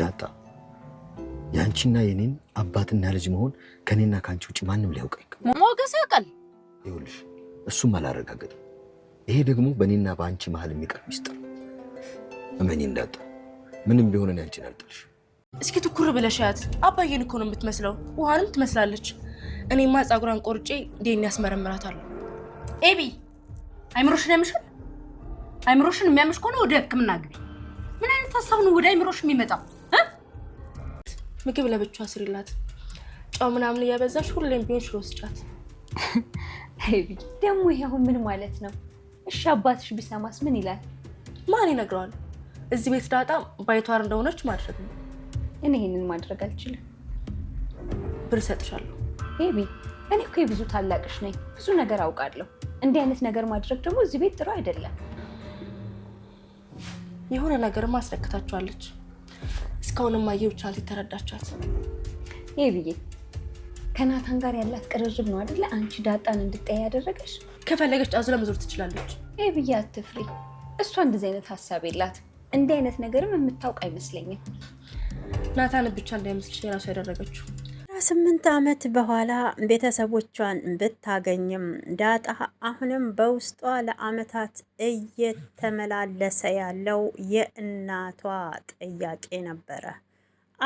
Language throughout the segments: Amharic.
ዳጣ የአንቺና የኔን አባትና ልጅ መሆን ከኔና ከአንቺ ውጭ ማንም ሊያውቅ ሞገስ ያውቃል። ይኸውልሽ እሱም አላረጋገጥም። ይሄ ደግሞ በእኔና በአንቺ መሀል የሚቀር ሚስጥር። እመኔ እንዳጣ ምንም ቢሆን እኔ አንቺን አልጥልሽ። እስኪ ትኩር ያት አባዬን እኮ ነው የምትመስለው። ውሃንም ትመስላለች። እኔማ ፀጉሯን ቆርጬ ዴን ያስመረምራታለሁ። ኤቢ አይምሮሽን ያምሻል። አይምሮሽን የሚያምሽ ከሆነ ወደ ሕክምና ግቢ። ምን አይነት ሀሳብ ነው ወደ አይምሮሽ የሚመጣው? ምግብ ለብቻ ስሪላት። ጨው ምናምን እያበዛሽ ሁሌም ቢሆን ሽሮ ስጫት። ደግሞ ይሄ አሁን ምን ማለት ነው? እሺ አባትሽ ቢሰማስ ምን ይላል? ማን ይነግረዋል? እዚህ ቤት ዳጣ ባይቷር እንደሆነች ማድረግ ነው። እኔ ይሄንን ማድረግ አልችልም። ብር እሰጥሻለሁ። ሄቢ፣ እኔ እኮ የብዙ ታላቅሽ ነኝ፣ ብዙ ነገር አውቃለሁ። እንዲህ አይነት ነገር ማድረግ ደግሞ እዚህ ቤት ጥሩ አይደለም። የሆነ ነገር ማስለክታችኋለች። እስካሁን እማዬ ብቻ ይሄ ብዬ ከናታን ጋር ያላት ቅርርብ ነው አይደለ? አንቺ ዳጣን እንድጠያ ያደረገች። ከፈለገች አዙ መዞር ትችላለች። ይሄ ብዬ አትፍሪ። እሷ እንደዚህ አይነት ሀሳብ የላት። እንዲህ አይነት ነገርም የምታውቅ አይመስለኝም። ናታን ብቻ እንዳይመስልሽ የራሱ ያደረገችው ከስምንት ዓመት በኋላ ቤተሰቦቿን ብታገኝም ዳጣ አሁንም በውስጧ ለዓመታት እየተመላለሰ ያለው የእናቷ ጥያቄ ነበረ።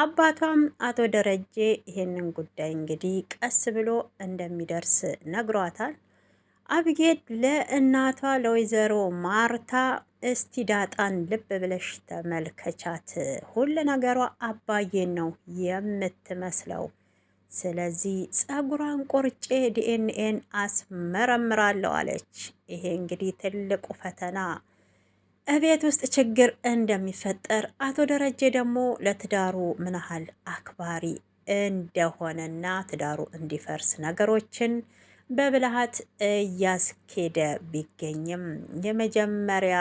አባቷም አቶ ደረጀ ይህንን ጉዳይ እንግዲህ ቀስ ብሎ እንደሚደርስ ነግሯታል። አብጌድ ለእናቷ ለወይዘሮ ማርታ እስቲ ዳጣን ልብ ብለሽ ተመልከቻት፣ ሁሉ ነገሯ አባዬን ነው የምትመስለው ስለዚህ ጸጉሯን ቆርጬ ዲኤንኤን አስመረምራለሁ አለች። ይሄ እንግዲህ ትልቁ ፈተና እቤት ውስጥ ችግር እንደሚፈጠር አቶ ደረጀ ደግሞ ለትዳሩ ምን ያህል አክባሪ እንደሆነና ትዳሩ እንዲፈርስ ነገሮችን በብልሃት እያስኬደ ቢገኝም የመጀመሪያ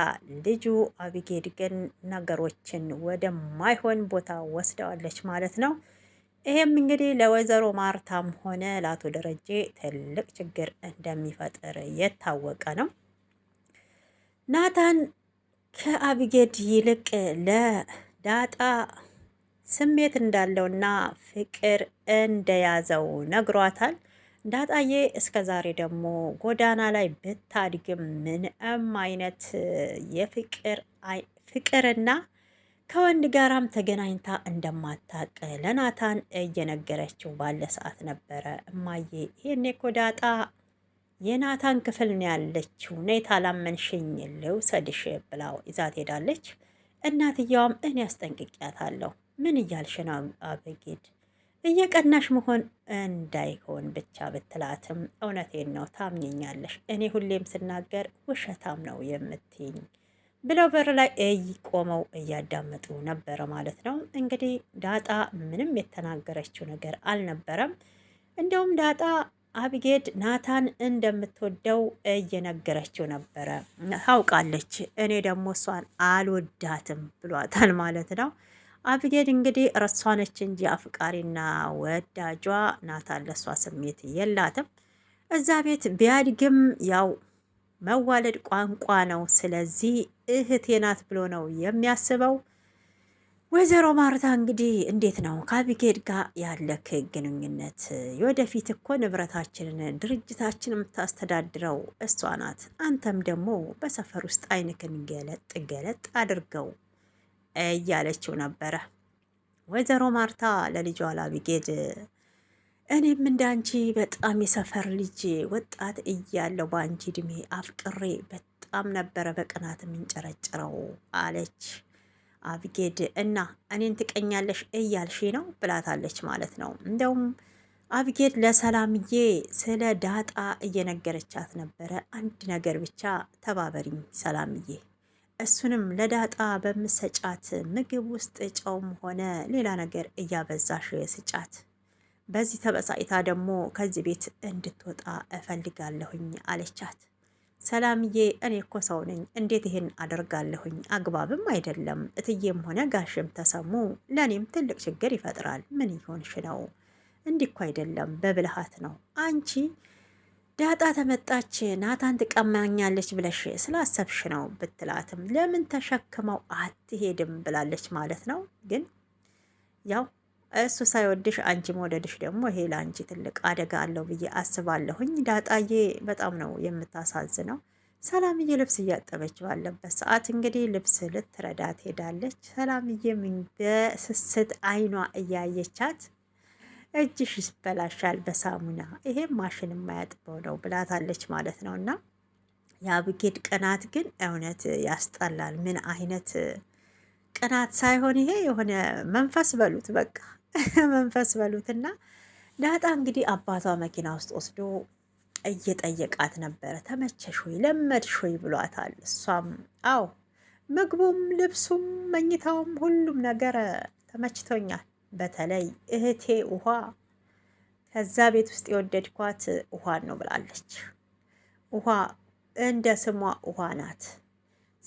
ልጁ አቢጌድ ግን ነገሮችን ወደማይሆን ቦታ ወስደዋለች ማለት ነው። ይሄም እንግዲህ ለወይዘሮ ማርታም ሆነ ለአቶ ደረጀ ትልቅ ችግር እንደሚፈጥር የታወቀ ነው። ናታን ከአብጌድ ይልቅ ለዳጣ ስሜት እንዳለውና ፍቅር እንደያዘው ነግሯታል። ዳጣዬ እስከ ዛሬ ደግሞ ጎዳና ላይ ብታድግም ምንም አይነት የፍቅር ፍቅርና ከወንድ ጋራም ተገናኝታ እንደማታቅ ለናታን እየነገረችው ባለ ሰዓት ነበረ። እማዬ ይህን እኮ ዳጣ የናታን ክፍል ነው ያለችው፣ ነይ ታላመንሽኝ ልውሰድሽ ብላው ይዛት ሄዳለች። እናትየዋም እኔ አስጠንቅቂያታለሁ። ምን እያልሽ ነው አበጌድ እየቀናሽ መሆን እንዳይሆን ብቻ ብትላትም፣ እውነቴን ነው ታምኝኛለሽ። እኔ ሁሌም ስናገር ውሸታም ነው የምትይኝ ብለው በር ላይ እይ ቆመው እያዳመጡ ነበረ ማለት ነው። እንግዲህ ዳጣ ምንም የተናገረችው ነገር አልነበረም። እንደውም ዳጣ አብጌድ ናታን እንደምትወደው እየነገረችው ነበረ። ታውቃለች። እኔ ደግሞ እሷን አልወዳትም ብሏታል ማለት ነው። አብጌድ እንግዲህ እሷ ነች እንጂ አፍቃሪና ወዳጇ ናታን ለእሷ ስሜት የላትም። እዛ ቤት ቢያድግም ያው መዋለድ ቋንቋ ነው። ስለዚህ እህቴ ናት ብሎ ነው የሚያስበው። ወይዘሮ ማርታ እንግዲህ እንዴት ነው ከአቢጌድ ጋር ያለክ ግንኙነት? የወደፊት እኮ ንብረታችንን ድርጅታችን የምታስተዳድረው እሷ ናት። አንተም ደግሞ በሰፈር ውስጥ አይንክን ገለጥ ገለጥ አድርገው እያለችው ነበረ። ወይዘሮ ማርታ ለልጇ ለአቢጌድ እኔም እንዳንቺ በጣም የሰፈር ልጅ ወጣት እያለው በአንቺ እድሜ አፍቅሬ በጣም ነበረ በቅናት የምንጨረጭረው አለች አብጌድ። እና እኔን ትቀኛለሽ እያልሽ ነው ብላታለች ማለት ነው። እንደውም አብጌድ ለሰላምዬ ስለ ዳጣ እየነገረቻት ነበረ። አንድ ነገር ብቻ ተባበሪኝ ሰላምዬ እሱንም ለዳጣ በምሰጫት ምግብ ውስጥ ጨውም ሆነ ሌላ ነገር እያበዛሽ ስጫት በዚህ ተበሳጭታ ደግሞ ከዚህ ቤት እንድትወጣ እፈልጋለሁኝ አለቻት። ሰላምዬ እኔ እኮ ሰው ነኝ፣ እንዴት ይሄን አደርጋለሁኝ? አግባብም አይደለም። እትዬም ሆነ ጋሽም ተሰሙ ለእኔም ትልቅ ችግር ይፈጥራል። ምን ይሆንሽ ነው? እንዲህ እኮ አይደለም፣ በብልሃት ነው። አንቺ ዳጣ ተመጣች ናታን ትቀማኛለች ብለሽ ስላሰብሽ ነው ብትላትም ለምን ተሸክመው አትሄድም ብላለች ማለት ነው። ግን ያው እሱ ሳይወድሽ አንቺ መውደድሽ ደግሞ ይሄ ለአንቺ ትልቅ አደጋ አለው ብዬ አስባለሁኝ። ዳጣዬ በጣም ነው የምታሳዝነው። ሰላምዬ ልብስ እያጠበች ባለበት ሰዓት እንግዲህ ልብስ ልትረዳ ትሄዳለች። ሰላምዬ በስስት አይኗ እያየቻት እጅሽ ይበላሻል በሳሙና ይሄም ማሽን የማያጥበው ነው ብላታለች ማለት ነው። እና የአብጌድ ቅናት ግን እውነት ያስጠላል። ምን አይነት ቅናት ሳይሆን ይሄ የሆነ መንፈስ በሉት በቃ መንፈስ በሉትና ዳጣ እንግዲህ አባቷ መኪና ውስጥ ወስዶ እየጠየቃት ነበረ። ተመቸሽ ወይ ለመድሽ ወይ ብሏታል። እሷም አዎ ምግቡም፣ ልብሱም፣ መኝታውም ሁሉም ነገር ተመችቶኛል። በተለይ እህቴ ውሃ ከዛ ቤት ውስጥ የወደድኳት ውሃን ነው ብላለች። ውሃ እንደ ስሟ ውሃ ናት።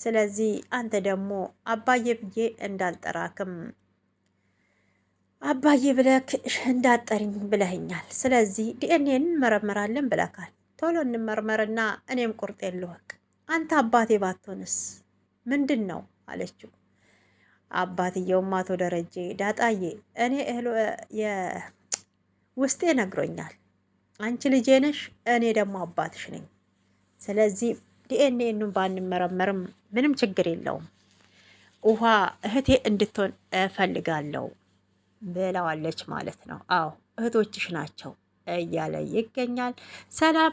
ስለዚህ አንተ ደግሞ አባዬ ብዬ እንዳልጠራክም አባዬ ብለክ እንዳጠርኝ ብለህኛል። ስለዚህ ዲኤንኤን እንመረመራለን ብለካል። ቶሎ እንመርመርና እኔም ቁርጤ ልወቅ። አንተ አባቴ ባትሆንስ ምንድን ነው አለችው። አባትየውም አቶ ደረጀ ዳጣዬ፣ እኔ እህሎ ውስጤ ነግሮኛል። አንቺ ልጄ ነሽ፣ እኔ ደግሞ አባትሽ ነኝ። ስለዚህ ዲኤንኤኑን ባንመረመርም ምንም ችግር የለውም። ውሃ እህቴ እንድትሆን እፈልጋለሁ ብለዋለች ማለት ነው። አዎ እህቶችሽ ናቸው እያለ ይገኛል። ሰላም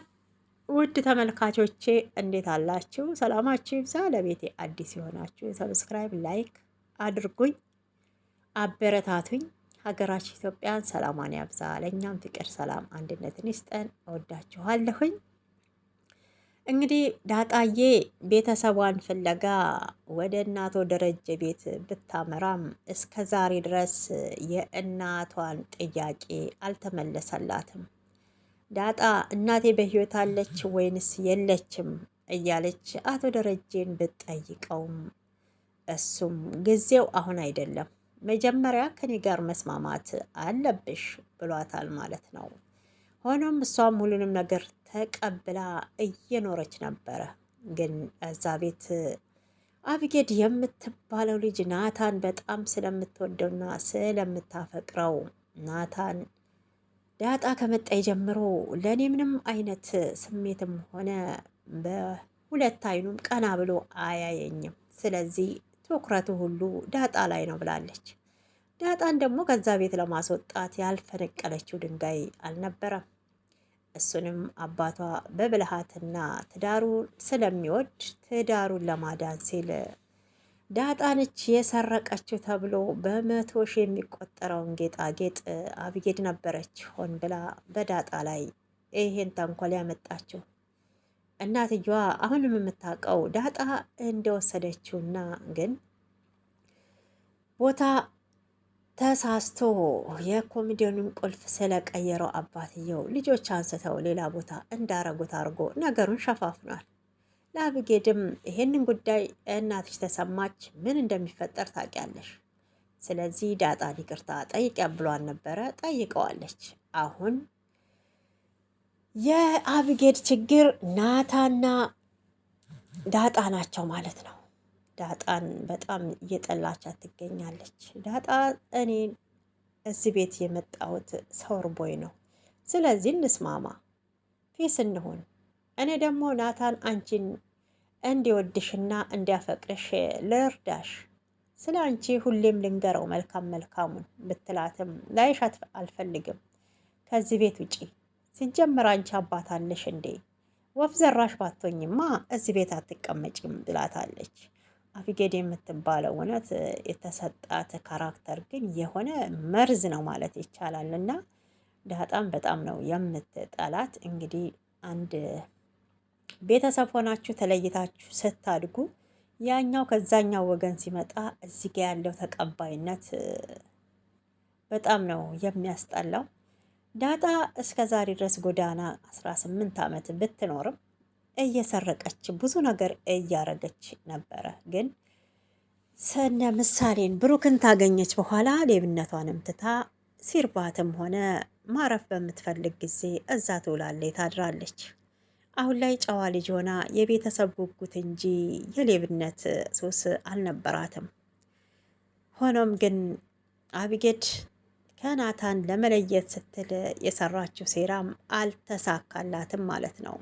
ውድ ተመልካቾቼ እንዴት አላችሁ? ሰላማችሁ ይብዛ። ለቤቴ አዲስ የሆናችሁ ሰብስክራይብ፣ ላይክ አድርጉኝ፣ አበረታቱኝ። ሀገራችን ኢትዮጵያን ሰላሟን ያብዛ፣ ለእኛም ፍቅር፣ ሰላም፣ አንድነትን ይስጠን። እወዳችኋለሁኝ። እንግዲህ ዳጣዬ ቤተሰቧን ፍለጋ ወደ እናቶ ደረጀ ቤት ብታመራም እስከ ዛሬ ድረስ የእናቷን ጥያቄ አልተመለሰላትም። ዳጣ እናቴ በሕይወት አለች ወይንስ የለችም እያለች አቶ ደረጀን ብትጠይቀውም እሱም ጊዜው አሁን አይደለም፣ መጀመሪያ ከኔ ጋር መስማማት አለብሽ ብሏታል ማለት ነው። ሆኖም እሷም ሁሉንም ነገር ተቀብላ እየኖረች ነበረ። ግን እዛ ቤት አብጌድ የምትባለው ልጅ ናታን በጣም ስለምትወደውና ስለምታፈቅረው ናታን ዳጣ ከመጣ ጀምሮ ለእኔ ምንም አይነት ስሜትም ሆነ በሁለት አይኑም ቀና ብሎ አያየኝም፣ ስለዚህ ትኩረቱ ሁሉ ዳጣ ላይ ነው ብላለች። ዳጣን ደግሞ ከዛ ቤት ለማስወጣት ያልፈነቀለችው ድንጋይ አልነበረም። እሱንም አባቷ በብልሃትና ትዳሩ ስለሚወድ ትዳሩን ለማዳን ሲል ዳጣነች የሰረቀችው ተብሎ በመቶ ሺህ የሚቆጠረውን ጌጣጌጥ አብጌድ ነበረች ሆን ብላ በዳጣ ላይ ይሄን ተንኮል ያመጣችው። እናትየዋ አሁንም የምታውቀው ዳጣ እንደወሰደችውና ግን ቦታ ተሳስቶ የኮሚዲዮኑን ቁልፍ ስለቀየረው አባትየው ልጆች አንስተው ሌላ ቦታ እንዳረጉት አድርጎ ነገሩን ሸፋፍኗል። ለአብጌድም ይህንን ጉዳይ እናትሽ ተሰማች፣ ምን እንደሚፈጠር ታውቂያለሽ። ስለዚህ ዳጣን ይቅርታ ጠይቂያ ብሏን ነበረ፣ ጠይቀዋለች። አሁን የአብጌድ ችግር ናታና ዳጣ ናቸው ማለት ነው። ዳጣን በጣም እየጠላቻት ትገኛለች። ዳጣ እኔ እዚህ ቤት የመጣሁት ሰው ቦይ ነው፣ ስለዚህ እንስማማ፣ ፊስ እንሆን። እኔ ደግሞ ናታን አንቺን እንዲወድሽና እንዲያፈቅርሽ ልርዳሽ፣ ስለ አንቺ ሁሌም ልንገረው መልካም መልካሙን ብትላትም ላይሻት አልፈልግም፣ ከዚህ ቤት ውጪ። ሲጀምር አንቺ አባታለሽ እንዴ? ወፍ ዘራሽ ባቶኝማ እዚህ ቤት አትቀመጭም ብላታለች። አቢጌድ የምትባለው እውነት የተሰጣት ካራክተር ግን የሆነ መርዝ ነው ማለት ይቻላል። እና ዳጣም በጣም ነው የምትጠላት። እንግዲህ አንድ ቤተሰብ ሆናችሁ ተለይታችሁ ስታድጉ ያኛው ከዛኛው ወገን ሲመጣ እዚህ ጋ ያለው ተቀባይነት በጣም ነው የሚያስጠላው። ዳጣ እስከ ዛሬ ድረስ ጎዳና 18 ዓመት ብትኖርም እየሰረቀች ብዙ ነገር እያረገች ነበረ። ግን ሰነ ምሳሌን ብሩክን ታገኘች በኋላ ሌብነቷንም ትታ ሲርባትም ሆነ ማረፍ በምትፈልግ ጊዜ እዛ ትውላለች፣ ታድራለች። አሁን ላይ ጨዋ ልጅ ሆና የቤተሰብ ጉጉት እንጂ የሌብነት ሱስ አልነበራትም። ሆኖም ግን አብጌድ ከናታን ለመለየት ስትል የሰራችው ሴራም አልተሳካላትም ማለት ነው።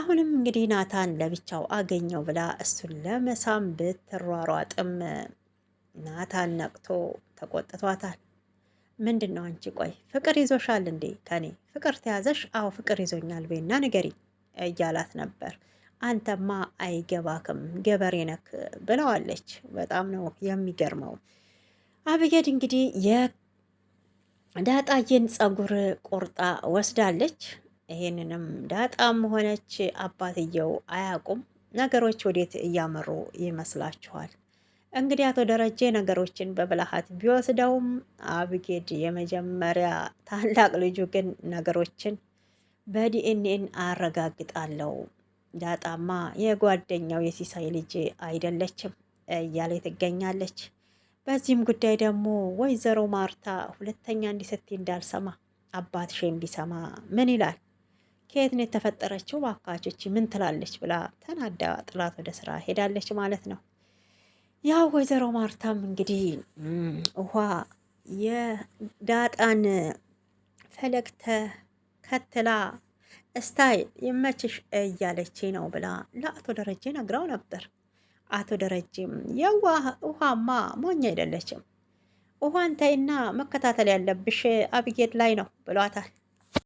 አሁንም እንግዲህ ናታን ለብቻው አገኘው ብላ እሱን ለመሳም ብትሯሯጥም ናታን ነቅቶ ተቆጥቷታል። ምንድን ነው አንቺ? ቆይ ፍቅር ይዞሻል እንዴ? ከኔ ፍቅር ተያዘሽ? አዎ ፍቅር ይዞኛል ቤና ንገሪ እያላት ነበር። አንተማ አይገባክም ገበሬ ነክ ብለዋለች። በጣም ነው የሚገርመው። አብየድ እንግዲህ የዳጣዬን ጸጉር ቆርጣ ወስዳለች። ይሄንንም ዳጣም ሆነች አባትየው አያውቁም። ነገሮች ወዴት እያመሩ ይመስላችኋል? እንግዲህ አቶ ደረጀ ነገሮችን በብልሃት ቢወስደውም አብጌድ የመጀመሪያ ታላቅ ልጁ ግን ነገሮችን በዲኤንኤን አረጋግጣለው ዳጣማ የጓደኛው የሲሳይ ልጅ አይደለችም እያለ ትገኛለች። በዚህም ጉዳይ ደግሞ ወይዘሮ ማርታ ሁለተኛ እንዲህ ስትይ እንዳልሰማ አባትሽን ቢሰማ ምን ይላል? ከየት ነው የተፈጠረችው ባካቾች ምን ትላለች ብላ ተናዳ ጥላት ወደ ስራ ሄዳለች ማለት ነው። ያው ወይዘሮ ማርታም እንግዲህ ውሃ የዳጣን ፈለግ ተከትላ እስታይል ይመችሽ እያለች ነው ብላ ለአቶ ደረጀ ነግራው ነበር። አቶ ደረጀም የዋ ውሃማ ሞኝ አይደለችም፣ ውሃን ተይና መከታተል ያለብሽ አብጌድ ላይ ነው ብሏታል።